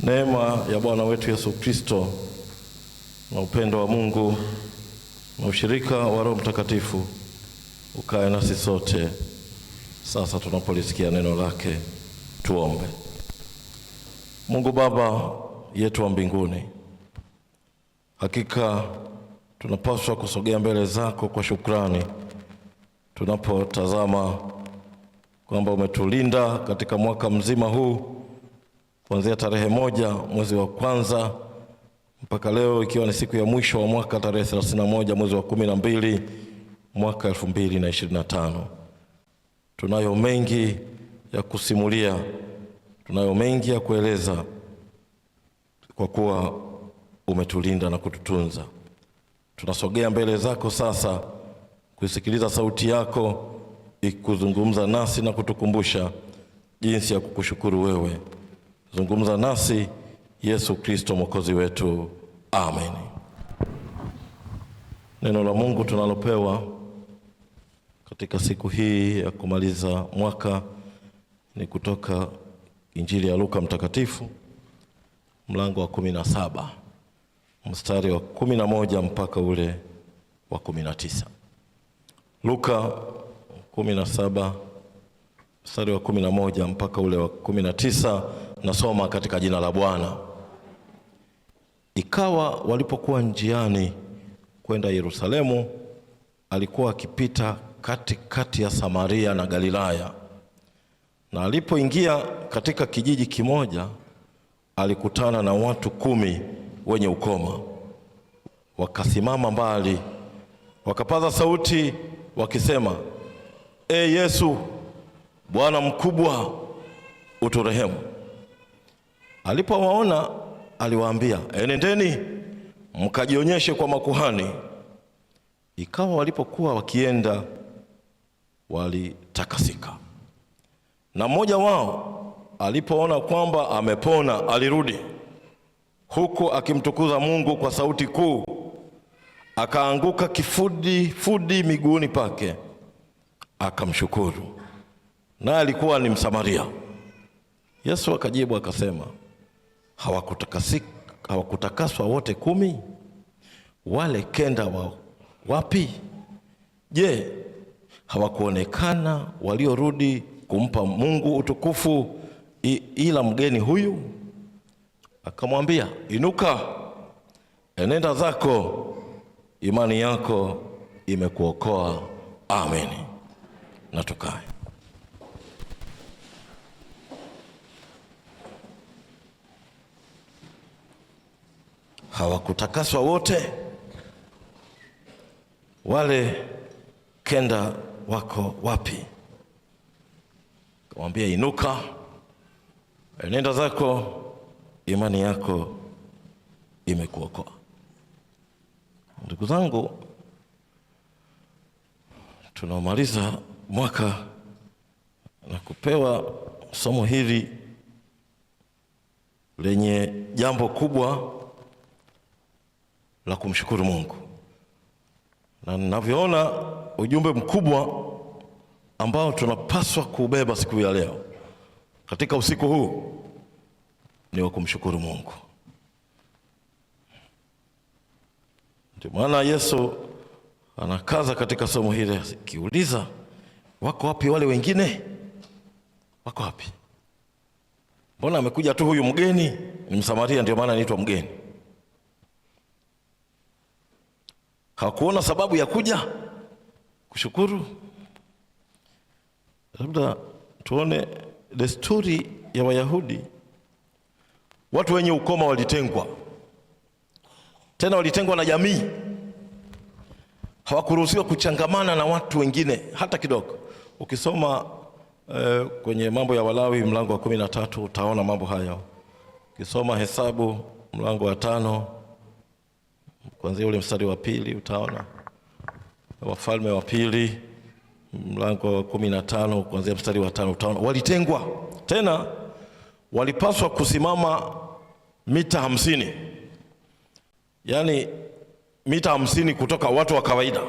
Neema ya Bwana wetu Yesu Kristo na upendo wa Mungu na ushirika wa Roho Mtakatifu ukae nasi sote sasa tunapolisikia neno lake. Tuombe. Mungu Baba yetu wa mbinguni, hakika Tunapaswa kusogea mbele zako kwa shukrani, tunapotazama kwamba umetulinda katika mwaka mzima huu kuanzia tarehe moja mwezi wa kwanza mpaka leo ikiwa ni siku ya mwisho wa mwaka tarehe 31 mwezi wa 12 mwaka 2025. Tunayo mengi ya kusimulia, tunayo mengi ya kueleza kwa kuwa umetulinda na kututunza. Tunasogea mbele zako sasa kuisikiliza sauti yako ikuzungumza nasi na kutukumbusha jinsi ya kukushukuru wewe. Zungumza nasi Yesu Kristo mwokozi wetu, amen. Neno la Mungu tunalopewa katika siku hii ya kumaliza mwaka ni kutoka Injili ya Luka Mtakatifu mlango wa kumi na saba mstari wa kumi na moja mpaka ule wa kumi na tisa. Luka kumi na saba mstari wa kumi na moja mpaka ule wa kumi na tisa. Nasoma katika jina la Bwana. Ikawa walipokuwa njiani kwenda Yerusalemu, alikuwa akipita katikati ya Samaria na Galilaya. Na alipoingia katika kijiji kimoja, alikutana na watu kumi wenye ukoma, wakasimama mbali, wakapaza sauti wakisema, E Yesu, Bwana mkubwa, uturehemu. Alipowaona aliwaambia, enendeni mkajionyeshe kwa makuhani. Ikawa walipokuwa wakienda walitakasika. Na mmoja wao alipoona kwamba amepona, alirudi huku akimtukuza Mungu kwa sauti kuu, akaanguka fudi miguuni pake akamshukuru, naye alikuwa ni Msamaria. Yesu akajibu akasema, hawakutakaswa wote kumi? Wale kenda wa wapi? Je, hawakuonekana waliorudi kumpa Mungu utukufu ila mgeni huyu? akamwambia, inuka, enenda zako, imani yako imekuokoa. Amen. Na tukae. Hawakutakaswa wote wale kenda wako wapi? Kamwambia, inuka enenda zako imani yako imekuokoa. Ndugu zangu, tunamaliza mwaka na kupewa somo hili lenye jambo kubwa la kumshukuru Mungu, na ninavyoona ujumbe mkubwa ambao tunapaswa kubeba siku ya leo katika usiku huu ni wa kumshukuru Mungu. Ndio maana Yesu anakaza katika somo hili akiuliza, wako wapi wale wengine? Wako wapi? Mbona amekuja tu huyu mgeni? Ni Msamaria, ndio maana anaitwa mgeni. Hakuona sababu ya kuja kushukuru. Labda tuone desturi ya Wayahudi Watu wenye ukoma walitengwa, tena walitengwa na jamii, hawakuruhusiwa kuchangamana na watu wengine hata kidogo. Ukisoma eh, kwenye mambo ya Walawi mlango wa kumi na tatu utaona mambo hayo. Ukisoma Hesabu mlango wa tano kuanzia ule mstari wa pili utaona Wafalme wa Pili mlango wa kumi na tano kuanzia mstari wa tano utaona walitengwa tena walipaswa kusimama mita hamsini, yaani mita hamsini kutoka watu wa kawaida.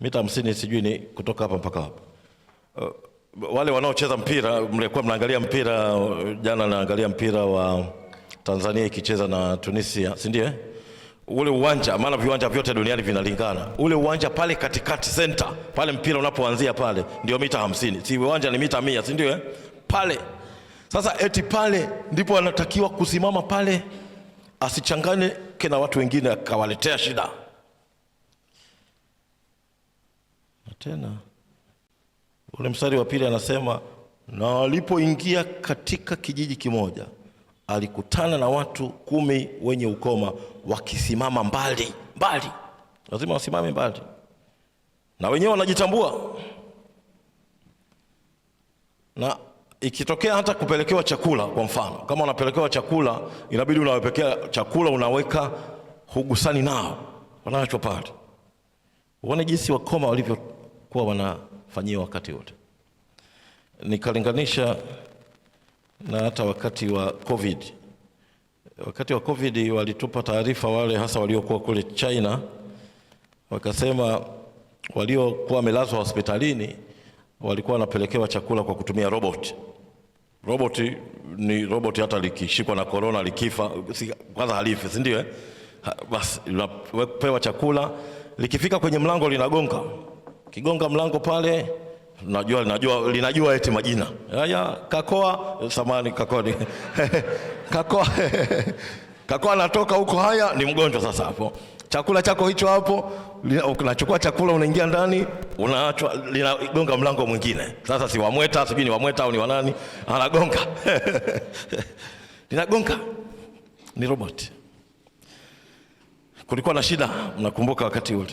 Mita hamsini sijui ni kutoka hapa mpaka hapa. Uh, wale wanaocheza mpira, mlikuwa mnaangalia mpira jana, naangalia mpira wa Tanzania ikicheza na Tunisia, si ndio? Eh? Ule uwanja, maana viwanja vyote duniani vinalingana, ule uwanja pale katikati center pale, mpira unapoanzia pale ndio mita hamsini, si uwanja ni mita mia, si ndio? Eh? Pale sasa eti pale ndipo anatakiwa kusimama pale, asichangane na watu wengine akawaletea shida. Na tena ule mstari wa pili anasema, na alipoingia katika kijiji kimoja alikutana na watu kumi wenye ukoma wakisimama mbali mbali. Lazima wasimame mbali, na wenyewe wanajitambua na ikitokea hata kupelekewa chakula, kwa mfano kama unapelekewa chakula, inabidi unawepekea chakula, unaweka hugusani nao, wanaachwa pale. Uone jinsi wakoma walivyokuwa wanafanyiwa wakati wote. Nikalinganisha na hata wakati wa COVID. Wakati wa COVID walitupa taarifa wale hasa waliokuwa kule China, wakasema waliokuwa wamelazwa hospitalini walikuwa wanapelekewa chakula kwa kutumia robot. Robot ni robot, hata likishikwa na korona likifa, kwanza halifi, si ndio? Eh? basi unapewa chakula, likifika kwenye mlango linagonga, kigonga mlango pale Najua, linajua, linajua eti majina haya kakoa samani kakoa ni kakoa kakoa anatoka huko, haya ni mgonjwa sasa hapo chakula chako hicho hapo, unachukua chakula unaingia ndani, unaachwa linagonga mlango mwingine. Sasa si wamweta, sijui ni wamweta au ni wanani, anagonga linagonga, ni robot. Kulikuwa na shida, mnakumbuka wakati ule,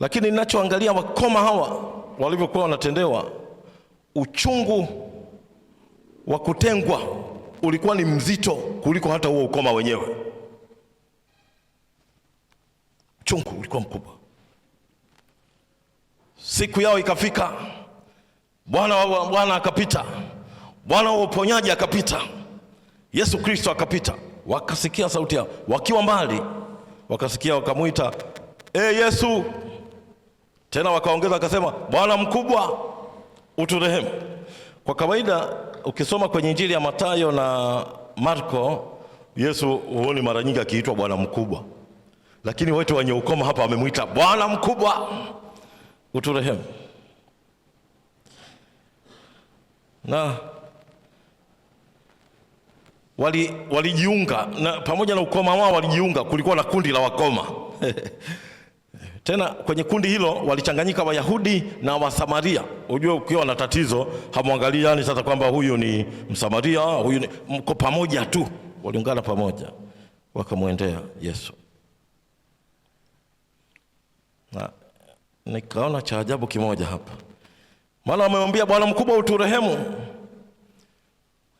lakini ninachoangalia wakoma hawa walivyokuwa wanatendewa, uchungu wa kutengwa ulikuwa ni mzito kuliko hata huo ukoma wenyewe. Uchungu ulikuwa mkubwa. Siku yao ikafika, Bwana Bwana akapita, Bwana wa uponyaji akapita, Yesu Kristo akapita. Wakasikia sauti yao wakiwa mbali, wakasikia wakamwita, e Yesu. Tena wakaongeza wakasema, Bwana mkubwa, uturehemu. Kwa kawaida ukisoma kwenye Injili ya Mathayo na Marko, Yesu huoni mara nyingi akiitwa Bwana mkubwa. Lakini wetu wenye ukoma hapa wamemwita Bwana mkubwa, uturehemu. Na wali walijiunga na, pamoja na ukoma wao walijiunga, kulikuwa na kundi la wakoma tena kwenye kundi hilo walichanganyika Wayahudi na Wasamaria. Unajua, ukiwa na tatizo hamwangalii yani sasa kwamba huyu ni Msamaria, huyu ni mko pamoja tu, waliungana pamoja, wakamwendea Yesu. Na nikaona cha ajabu kimoja hapa, maana wamemwambia Bwana mkubwa uturehemu.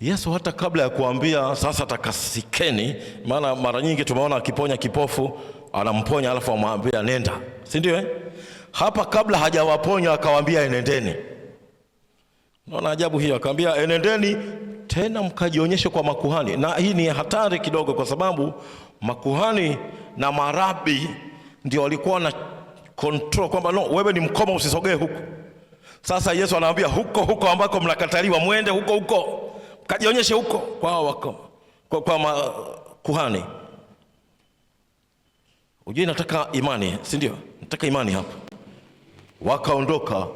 Yesu hata kabla ya kuambia sasa takasikeni, maana mara nyingi tumeona akiponya kipofu anamponya alafu amwambia nenda, si ndio eh? Hapa kabla hajawaponya akawaambia enendeni. Naona ajabu hiyo, akawaambia enendeni tena mkajionyeshe kwa makuhani. Na hii ni hatari kidogo, kwa sababu makuhani na marabi ndio walikuwa na control kwamba no, wewe ni mkoma, usisogee huku. Sasa Yesu anawaambia huko huko ambako mnakataliwa mwende huko huko, mkajionyeshe huko kwa hao wakoma, kwa, kwa makuhani. Ujui, nataka imani, si ndio? Nataka imani hapa. Wakaondoka.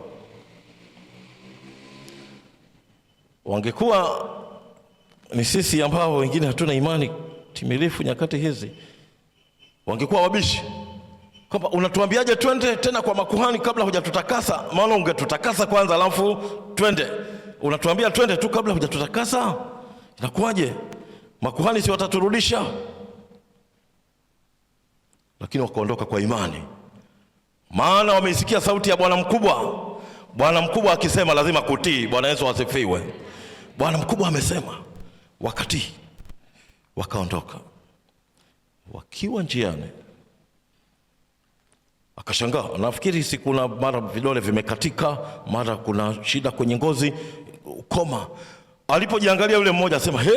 Wangekuwa ni sisi ambao wengine hatuna imani timilifu nyakati hizi, wangekuwa wabishi kwamba unatuambiaje twende tena kwa makuhani kabla hujatutakasa? Maana ungetutakasa kwanza alafu twende. Unatuambia twende tu kabla hujatutakasa? Inakuwaje? Makuhani si wataturudisha? Lakini wakaondoka kwa imani, maana wameisikia sauti ya bwana mkubwa. Bwana mkubwa akisema lazima kutii. Bwana Yesu asifiwe. Bwana mkubwa amesema, wakatii, wakaondoka. Wakiwa njiani Akashangaa, nafikiri si kuna mara vidole vimekatika, mara kuna shida kwenye ngozi, koma Alipojiangalia yule mmoja asema, he,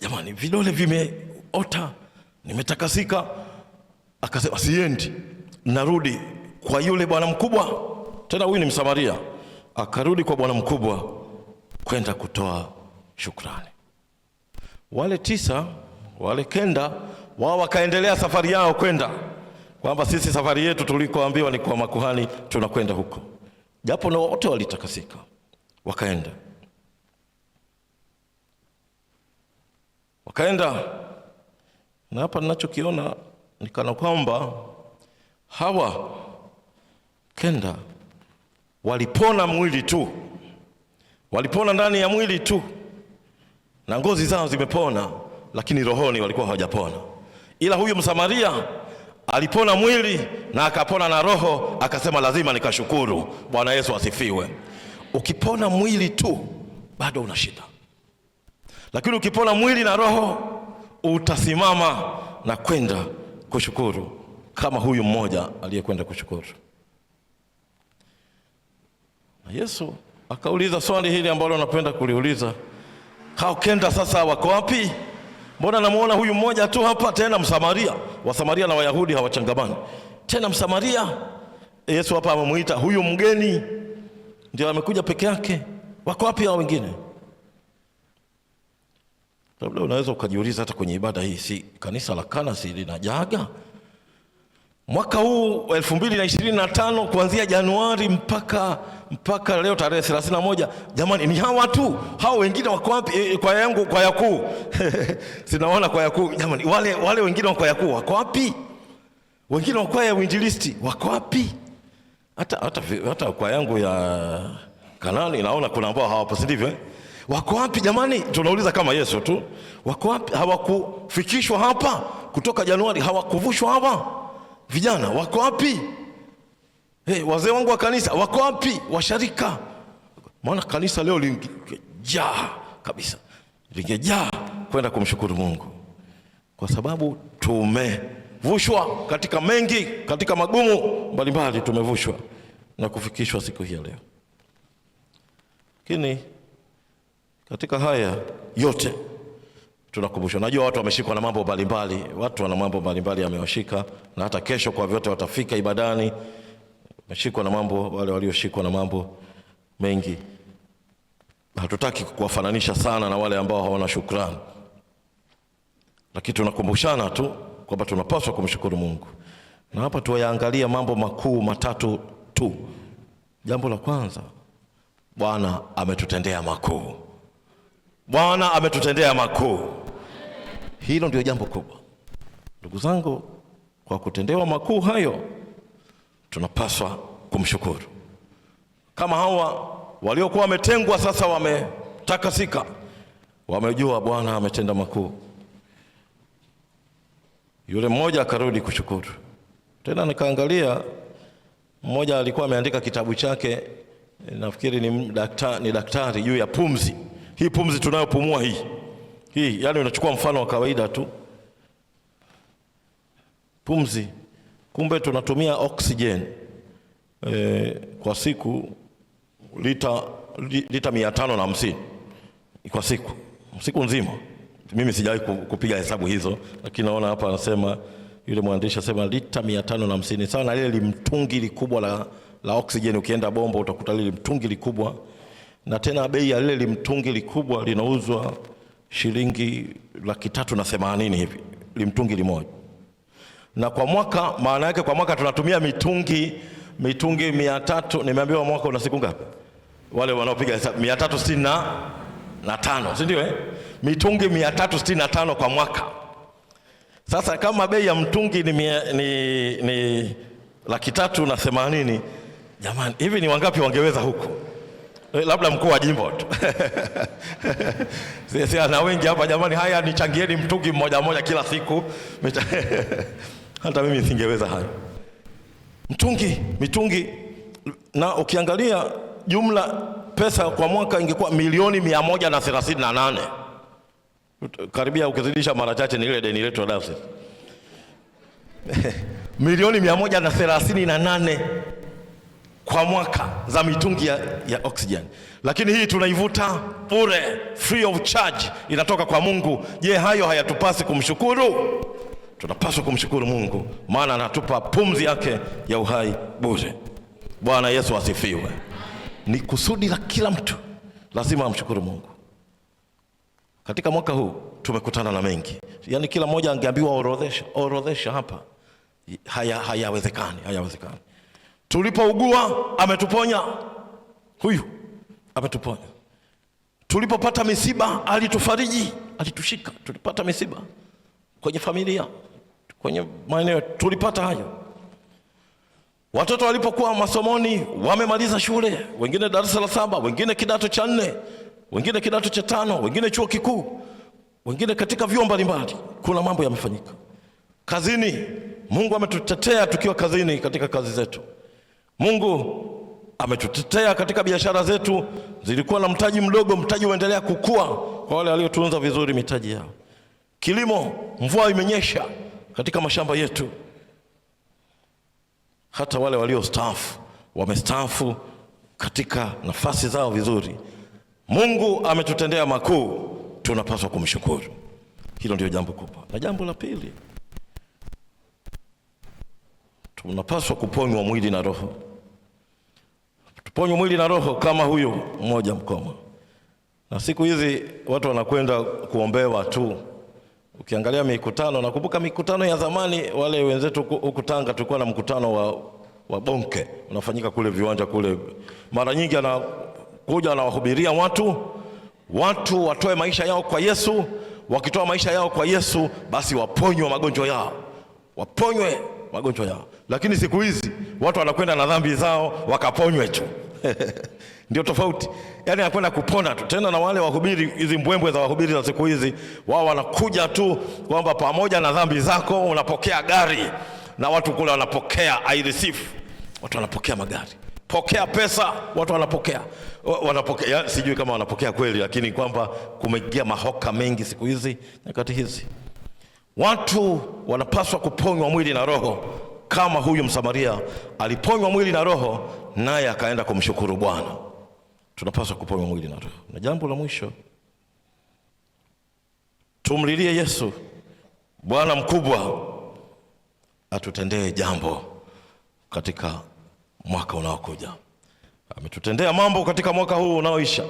jamani, vidole vimeota, nimetakasika. Akasema siendi, narudi kwa yule bwana mkubwa. Tena huyu ni Msamaria. Akarudi kwa bwana mkubwa kwenda kutoa shukrani. Wale tisa wale kenda wao wakaendelea safari yao kwenda kwamba sisi safari yetu tulikoambiwa ni kwa makuhani, tunakwenda huko, japo na wote walitakasika wakaenda wakaenda. Na hapa ninachokiona ni kana kwamba hawa kenda walipona mwili tu, walipona ndani ya mwili tu, na ngozi zao zimepona, lakini rohoni walikuwa hawajapona, ila huyu Msamaria Alipona mwili na akapona na roho, akasema lazima nikashukuru. Bwana Yesu asifiwe. Ukipona mwili tu bado una shida, lakini ukipona mwili na roho utasimama na kwenda kushukuru, kama huyu mmoja aliyekwenda kushukuru. Na Yesu akauliza swali hili ambalo napenda kuliuliza, hao kenda sasa wako wapi? Mbona namuona huyu mmoja tu hapa, tena Msamaria. Wasamaria na Wayahudi hawachangamani, tena Msamaria. Yesu hapa amemuita huyu mgeni, ndio amekuja peke yake. Wako wapi hao wengine? Labda unaweza ukajiuliza hata kwenye ibada hii, si kanisa la Kana si linajaga mwaka huu tano kuanzia Januari mpaka mpaka leo tarehe 31. Jamani, ni hawa tu, hao wengine wako wapi? E, kwa yangu kwa yakuu sinaona kwa yakuu Jamani, wale wale wengine wa kwaya kuu wako wapi? Wengine wa kwaya ya uinjilisti wako wapi? Hata hata hata kwa yangu ya Kanani naona kuna ambao hawapo, si ndivyo eh? Wako wapi jamani? Tunauliza kama Yesu tu, wako wapi? Hawakufikishwa hapa kutoka Januari, hawakuvushwa hapa vijana wako wapi? Hey, wazee wangu wa kanisa wako wapi? Washarika, maana kanisa leo lingejaa kabisa, lingejaa kwenda kumshukuru Mungu kwa sababu tumevushwa katika mengi, katika magumu mbalimbali, tumevushwa na kufikishwa siku hii ya leo. Lakini katika haya yote tunakumbusha. Najua watu wameshikwa na mambo mbalimbali, watu wana mambo mbalimbali yamewashika, na hata kesho kwa vyote watafika ibadani, wameshikwa na mambo, wale walioshikwa na mambo mengi. Hatutaki kuwafananisha sana na wale ambao hawana shukrani, lakini tunakumbushana tu kwamba tunapaswa kumshukuru Mungu, na hapa tuwayaangalia mambo makuu matatu tu. Jambo la kwanza, Bwana ametutendea makuu. Bwana ametutendea makuu. Hilo ndio jambo kubwa, ndugu zangu. Kwa kutendewa makuu hayo, tunapaswa kumshukuru kama hawa waliokuwa wametengwa sasa wametakasika, wamejua Bwana ametenda makuu. Yule mmoja akarudi kushukuru tena. Nikaangalia mmoja alikuwa ameandika kitabu chake, nafikiri ni daktari, ni daktari juu ya pumzi hii, pumzi tunayopumua hii hii, yani unachukua mfano wa kawaida tu, pumzi. Kumbe tunatumia oxygen e, kwa siku lita, lita mia tano na hamsini kwa siku siku nzima. Mimi sijawahi kupiga hesabu hizo, lakini naona hapa anasema yule mwandishi asema lita mia tano na hamsini sawa na lile limtungi likubwa la, la oksijeni. Ukienda bomba utakuta lile limtungi likubwa, na tena bei ya lile limtungi likubwa linauzwa shilingi laki tatu na themanini hivi limtungi limoja, na kwa mwaka, maana yake kwa mwaka tunatumia mitungi mitungi mia tatu. Nimeambiwa mwaka una siku ngapi? Wale wanaopiga hesabu mia tatu sitini na tano, si ndio eh? Mitungi mia tatu sitini na tano kwa mwaka. Sasa kama bei ya mtungi ni, ni, ni laki tatu na themanini, jamani, hivi ni wangapi wangeweza huku Eh, labda mkuu wa jimbo tu ana wengi hapa jamani, haya nichangieni mtungi mmoja mmoja kila siku hata mimi singeweza hayo mtungi mitungi. Na ukiangalia jumla pesa kwa mwaka ingekuwa milioni mia moja na thelathini na nane karibia, ukizidisha mara chache ni ile deni letu milioni mia moja na thelathini na nane kwa mwaka za mitungi ya, ya oxygen, lakini hii tunaivuta bure, free of charge, inatoka kwa Mungu. Je, hayo hayatupasi kumshukuru? Tunapaswa kumshukuru Mungu, maana anatupa pumzi yake ya uhai bure. Bwana Yesu asifiwe. Ni kusudi la kila mtu lazima amshukuru Mungu. Katika mwaka huu tumekutana na mengi, yaani kila mmoja angeambiwa orodhesha, orodhesha hapa, haya hayawezekani, hayawezekani Tulipougua ametuponya, huyu ametuponya. Tulipopata misiba alitufariji, alitushika. Tulipata misiba kwenye familia, kwenye maeneo, tulipata hayo. Watoto walipokuwa masomoni, wamemaliza shule, wengine darasa la saba, wengine kidato cha nne, wengine kidato cha tano, wengine chuo kikuu, wengine katika vyuo mbalimbali, kuna mambo yamefanyika. Kazini, Mungu ametutetea tukiwa kazini, katika kazi zetu. Mungu ametutetea katika biashara zetu, zilikuwa na mtaji mdogo, mtaji unaendelea kukua kwa wale waliotunza vizuri mitaji yao. Kilimo, mvua imenyesha katika mashamba yetu, hata wale waliostaafu wamestaafu katika nafasi zao vizuri. Mungu ametutendea makuu, tunapaswa kumshukuru. Hilo ndio jambo kubwa. Na jambo la pili, tunapaswa kuponywa mwili na roho. Tuponywe mwili na roho kama huyo mmoja mkoma. Na siku hizi watu wanakwenda kuombewa tu. Ukiangalia mikutano, nakumbuka mikutano ya zamani, wale wenzetu huku Tanga tulikuwa na mkutano wa, wa bonke unafanyika kule viwanja kule, mara nyingi anakuja anawahubiria watu, watu watoe maisha yao kwa Yesu. Wakitoa maisha yao kwa Yesu, basi waponywe magonjwa yao, waponywe magonjwa yao lakini siku hizi watu wanakwenda na dhambi zao wakaponywe tu ndio tofauti, yaani anakwenda kupona tu. Tena na wale wahubiri, hizi mbwembwe za wahubiri za siku hizi, wao wanakuja tu kwamba pamoja na dhambi zako unapokea gari, na watu kule wanapokea I receive, watu wanapokea magari, pokea pesa, watu wanapokea wanapokea, sijui kama wanapokea kweli, lakini kwamba kumeingia mahoka mengi siku hizi, nyakati hizi, watu wanapaswa kuponywa mwili na roho kama huyu Msamaria aliponywa mwili na roho, naye akaenda kumshukuru Bwana. Tunapaswa kuponywa mwili na roho. Na jambo la mwisho, tumlilie Yesu, Bwana mkubwa, atutendee jambo katika mwaka unaokuja. Ametutendea mambo katika mwaka huu unaoisha,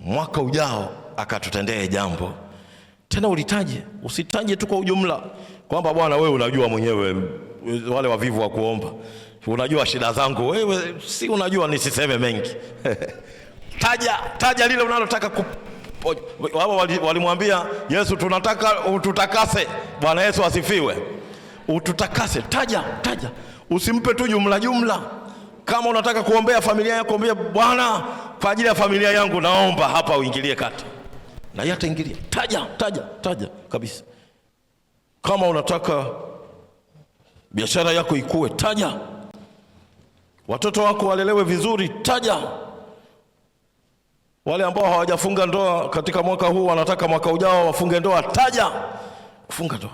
mwaka ujao akatutendee jambo tena. Ulitaje, usitaje tu kwa ujumla kwamba bwana, wewe unajua mwenyewe wale wavivu wa kuomba. Unajua shida zangu wewe, si unajua, nisiseme mengi taja, taja lile unalotaka ku wao walimwambia Yesu, tunataka ututakase. Bwana Yesu asifiwe. Ututakase, taja taja, usimpe tu jumla jumla. Kama unataka kuombea familia yako, ombea Bwana, kwa ajili ya familia yangu naomba hapa, uingilie kati na yataingilia. Taja taja taja kabisa, kama unataka biashara yako ikue, taja. Watoto wako walelewe vizuri, taja. Wale ambao hawajafunga ndoa katika mwaka huu wanataka mwaka ujao wafunge ndoa, taja kufunga ndoa.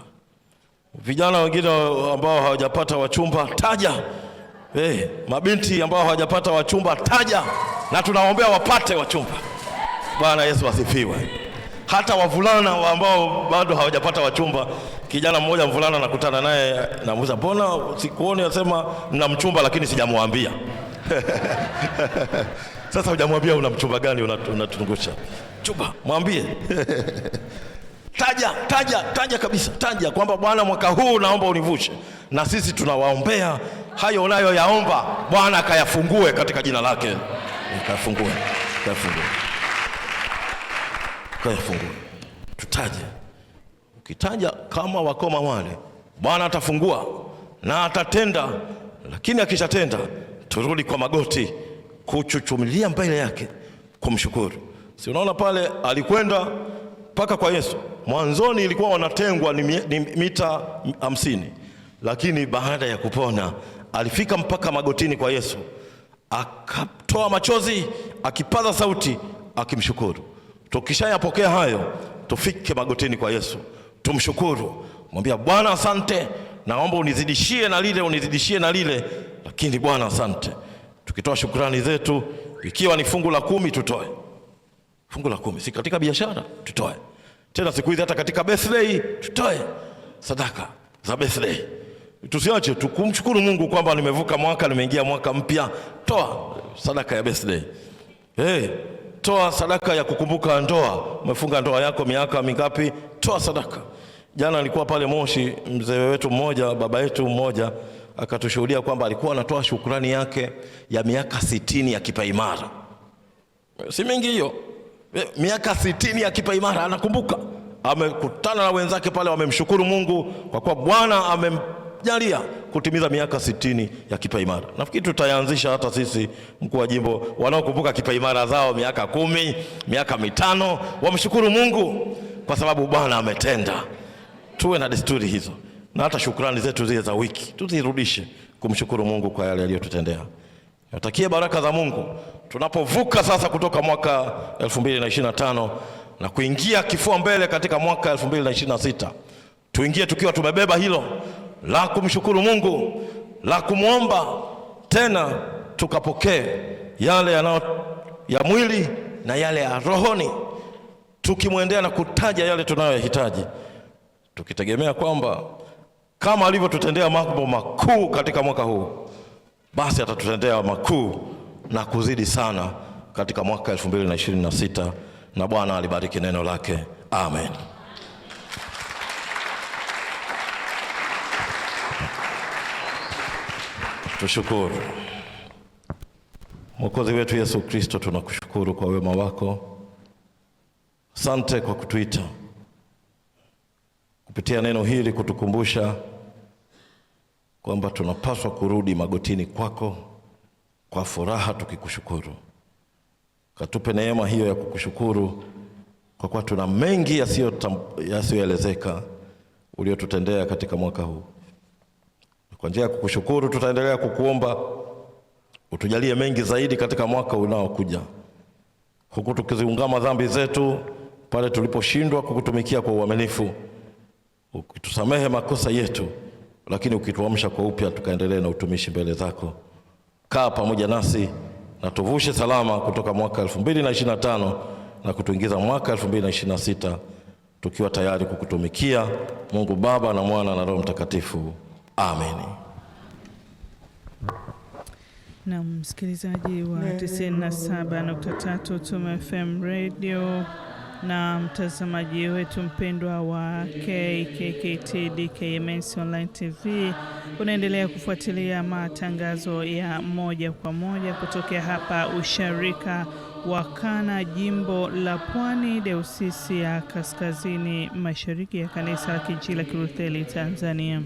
Vijana wengine ambao hawajapata wachumba, taja. Hey, eh, mabinti ambao hawajapata wachumba, taja, na tunaombea wapate wachumba. Bwana Yesu asifiwe. Hata wavulana ambao bado hawajapata wachumba kijana mmoja mvulana nakutana naye, namuuliza mbona sikuoni? Anasema na mchumba lakini sijamwambia. Sasa hujamwambia una mchumba gani? Unatungusha una chumba, mwambie taja, taja, taja kabisa, taja kwamba Bwana, mwaka huu naomba univushe, na sisi tunawaombea hayo unayoyaomba Bwana akayafungue katika jina lake, kayafungue, kayafungue, kayafungue, tutaje Ukitaja kama wakoma wale, Bwana atafungua na atatenda, lakini akishatenda turudi kwa magoti kuchuchumilia mbele yake kumshukuru. Si unaona pale alikwenda mpaka kwa Yesu. Mwanzoni ilikuwa wanatengwa ni mita hamsini, lakini baada ya kupona alifika mpaka magotini kwa Yesu, akatoa machozi, akipaza sauti, akimshukuru. Tukishayapokea hayo, tufike magotini kwa Yesu tumshukuru, mwambia Bwana asante, naomba unizidishie na lile, unizidishie na lile, lakini Bwana asante. Tukitoa shukrani zetu, ikiwa ni fungu la kumi, tutoe fungu la kumi, si katika biashara tutoe tena siku hizi hata katika birthday tutoe sadaka za birthday. Tusiache tukumshukuru Mungu kwamba nimevuka mwaka, nimeingia mwaka mpya. Toa sadaka ya birthday. Hey, toa sadaka ya kukumbuka ndoa. Umefunga ndoa yako miaka mingapi? Toa sadaka. Jana alikuwa pale Moshi mzee wetu mmoja, baba yetu mmoja akatushuhudia kwamba alikuwa anatoa shukrani yake ya miaka sitini ya kipaimara. Si mingi hiyo, eh, miaka sitini ya kipaimara anakumbuka. Amekutana na wenzake pale, wamemshukuru Mungu kwa kuwa Bwana amemjalia kutimiza miaka sitini ya kipaimara. Nafikiri tutaanzisha hata sisi, mkuu wa jimbo, wanaokumbuka kipaimara zao miaka kumi, miaka mitano, wamshukuru Mungu kwa sababu Bwana ametenda tuwe na desturi hizo, na hata shukrani zetu zile za wiki tuzirudishe kumshukuru Mungu kwa yale aliyotutendea. Natakia baraka za Mungu tunapovuka sasa kutoka mwaka 2025 na kuingia kifua mbele katika mwaka 2026, tuingie tukiwa tumebeba hilo la kumshukuru Mungu la kumwomba tena, tukapokee yale ya, ya mwili na yale ya rohoni, tukimwendea na kutaja yale tunayoyahitaji tukitegemea kwamba kama alivyotutendea mambo makuu katika mwaka huu, basi atatutendea makuu na kuzidi sana katika mwaka 2026 na Bwana alibariki neno lake, amen. Tushukuru Mwokozi wetu Yesu Kristo, tunakushukuru kwa wema wako. Asante kwa kutuita kupitia neno hili kutukumbusha kwamba tunapaswa kurudi magotini kwako kwa furaha tukikushukuru. Katupe neema hiyo ya kukushukuru kwa kuwa tuna mengi yasiyoelezeka ya uliotutendea katika mwaka huu. Kwa njia ya kukushukuru, tutaendelea kukuomba utujalie mengi zaidi katika mwaka unaokuja, huku tukiziungama dhambi zetu pale tuliposhindwa kukutumikia kwa uaminifu ukitusamehe makosa yetu, lakini ukituamsha kwa upya tukaendelee na utumishi mbele zako. Kaa pamoja nasi na tuvushe salama kutoka mwaka 2025 na kutuingiza mwaka 2026 tukiwa tayari kukutumikia Mungu Baba na Mwana na Roho Mtakatifu. Amen. Na msikilizaji wa 97.3 Tuma FM Radio na mtazamaji wetu mpendwa wa KKKT DKMS Online TV, unaendelea kufuatilia matangazo ya moja kwa moja kutokea hapa usharika wa Kana, jimbo la Pwani, Dayosisi ya Kaskazini Mashariki ya Kanisa la Kiinjili la Kilutheri Tanzania.